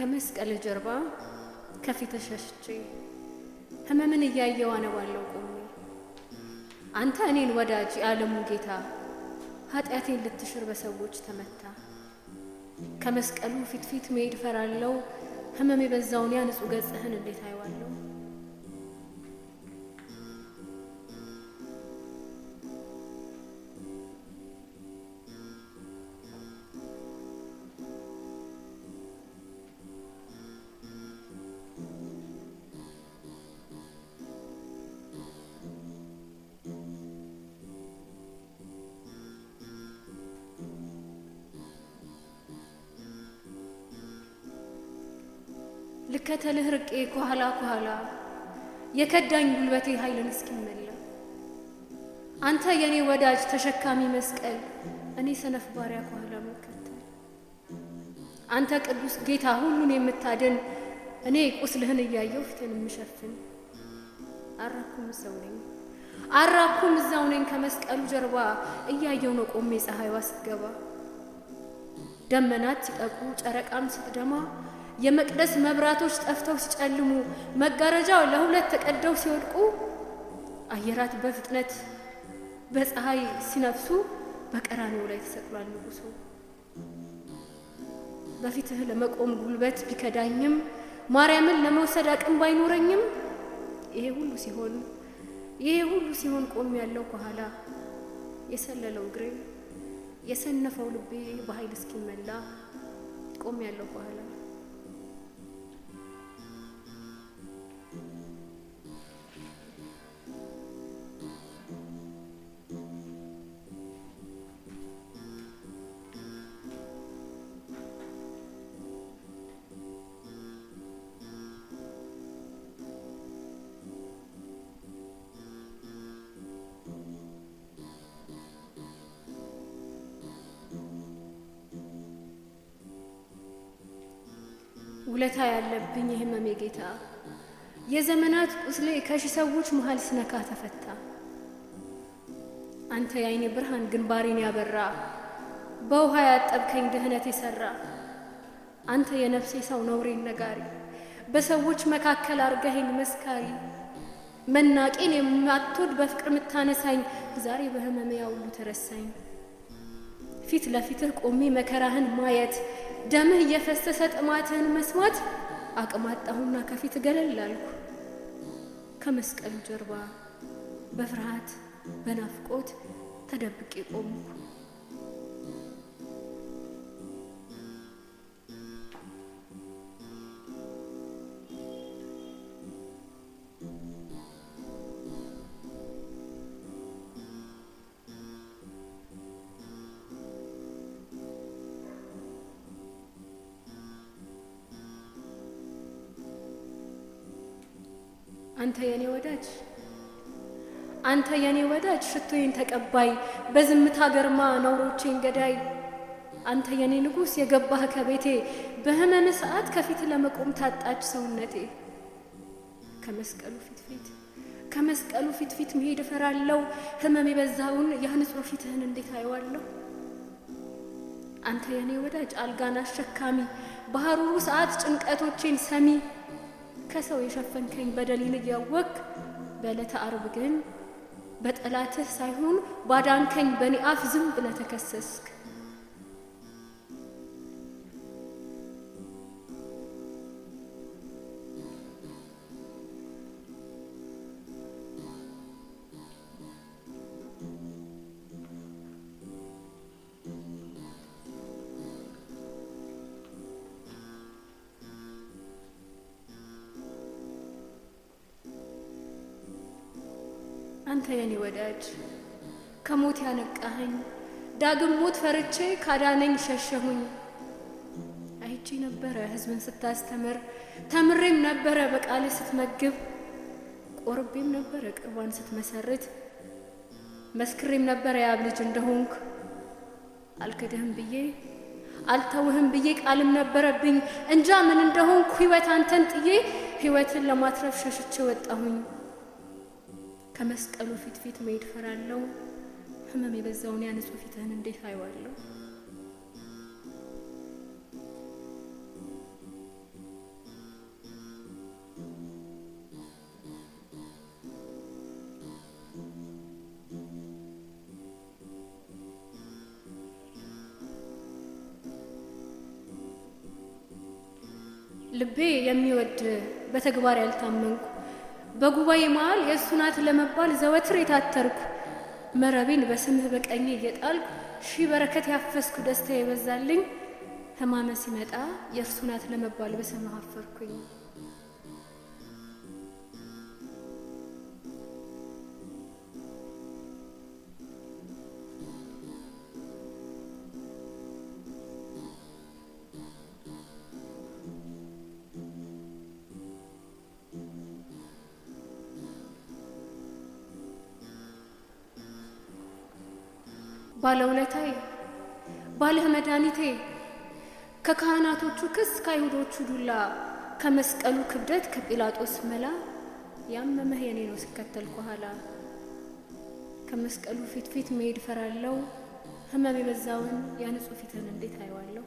ከመስቀል ጀርባ ከፊት ተሸሽቼ ህመምን እያየው አነባለው ቆሜ አንተ እኔን ወዳጅ የዓለሙ ጌታ ኃጢአቴን ልትሽር በሰዎች ተመታ። ከመስቀሉ ፊትፊት መሄድ ፈራለው ህመም የበዛውን ያንጹ ገጽህን እንዴት አይዋለው። ልከተልህ ርቄ ከኋላ ከኋላ የከዳኝ ጉልበቴ ኃይልን እስኪመላ አንተ የእኔ ወዳጅ ተሸካሚ መስቀል እኔ ሰነፍ ባሪያ ከኋላ መከተል አንተ ቅዱስ ጌታ ሁሉን የምታድን እኔ ቁስልህን እያየው ፊትን የምሸፍን አራኩም ሰው ነኝ አራኩም እዛው ነኝ ከመስቀሉ ጀርባ እያየው ነው ቆሜ ፀሐይዋ ስትገባ ደመናት ሲጠቁ ጨረቃም ስትደማ የመቅደስ መብራቶች ጠፍተው ሲጨልሙ መጋረጃው ለሁለት ተቀደው ሲወድቁ አየራት በፍጥነት በፀሐይ ሲነፍሱ በቀራንዮ ላይ ተሰቅሏል ንጉሡ። በፊትህ ለመቆም ጉልበት ቢከዳኝም ማርያምን ለመውሰድ አቅም ባይኖረኝም ይሄ ሁሉ ሲሆን ይሄ ሁሉ ሲሆን ቆም ያለው ከኋላ የሰለለው እግሬ የሰነፈው ልቤ በኃይል እስኪመላ ቆም ያለው ከኋላ ውለታ ያለብኝ የህመሜ ጌታ የዘመናት ቁስሌ ከሺ ሰዎች መሃል ስነካ ተፈታ። አንተ የአይኔ ብርሃን ግንባሬን ያበራ በውሃ ያጠብከኝ ድህነት የሰራ አንተ የነፍሴ ሰው ነውሬን ነጋሪ በሰዎች መካከል አርገኸኝ መስካሪ መናቄን የማትወድ በፍቅር የምታነሳኝ ዛሬ በህመሜ ያውሉ ተረሳኝ ፊት ለፊትህ ቆሜ መከራህን ማየት ደምህ እየፈሰሰ ጥማትህን መስማት አቅማጣሁና ከፊት ገለል አልኩ። ከመስቀሉ ጀርባ በፍርሃት በናፍቆት ተደብቄ ቆምኩ። አንተ የኔ ወዳጅ አንተ የኔ ወዳጅ ሽቶዬን ተቀባይ በዝምታ ገርማ ነውሮቼን ገዳይ አንተ የኔ ንጉሥ የገባህ ከቤቴ በህመም ሰዓት ከፊት ለመቆም ታጣች ሰውነቴ ከመስቀሉ ፊት ፊት ከመስቀሉ ፊት ፊት መሄድ እፈራለሁ ህመም የበዛውን ያንጹህ ፊትህን እንዴት አየዋለሁ አንተ የኔ ወዳጅ አልጋን አሸካሚ ባህሩሩ ሰዓት ጭንቀቶቼን ሰሚ ከሰው የሸፈንከኝ በደሌን እያወቅክ በዕለተ አርብ ግን በጠላትህ ሳይሆን ባዳንከኝ በኔ አፍ ዝም ብለህ ተከሰስክ። አንተ የኔ ወዳጅ ከሞት ያነቃኸኝ ዳግም ሞት ፈርቼ ካዳነኝ ሸሸሁኝ። አይቼ ነበረ ሕዝብን ስታስተምር ተምሬም ነበረ በቃል ስትመግብ ቆርቤም ነበረ ቅርቧን ስትመሰርት መስክሬም ነበረ የአብ ልጅ እንደሆንክ አልክድህም ብዬ አልተውህም ብዬ ቃልም ነበረብኝ እንጃ ምን እንደሆንኩ ሕይወት አንተን ጥዬ ሕይወትን ለማትረፍ ሸሽቼ ወጣሁኝ። ከመስቀሉ ፊት ፊት መሄድ ፈራለው። ህመም የበዛውን ያንጹ ፊትህን እንዴት አይዋለሁ! ልቤ የሚወድ በተግባር ያልታመንኩ በጉባኤ መሃል የእሱ ናት ለመባል ዘወትር የታተርኩ መረቤን በስምህ በቀኝ እየጣልኩ ሺ በረከት ያፈስኩ ደስታ ይበዛልኝ ህማመ ሲመጣ የእርሱ ናት ለመባል በስምህ አፈርኩኝ። ባለውለታዬ፣ ባለህ መድኃኒቴ፣ ከካህናቶቹ ክስ፣ ከአይሁዶቹ ዱላ፣ ከመስቀሉ ክብደት፣ ከጲላጦስ መላ ያመመህ የኔ ነው ስከተል ከኋላ ከመስቀሉ ፊት ፊት መሄድ ፈራለው። ህመም የበዛውን ያንጹ ፊትን እንዴት አየዋለሁ?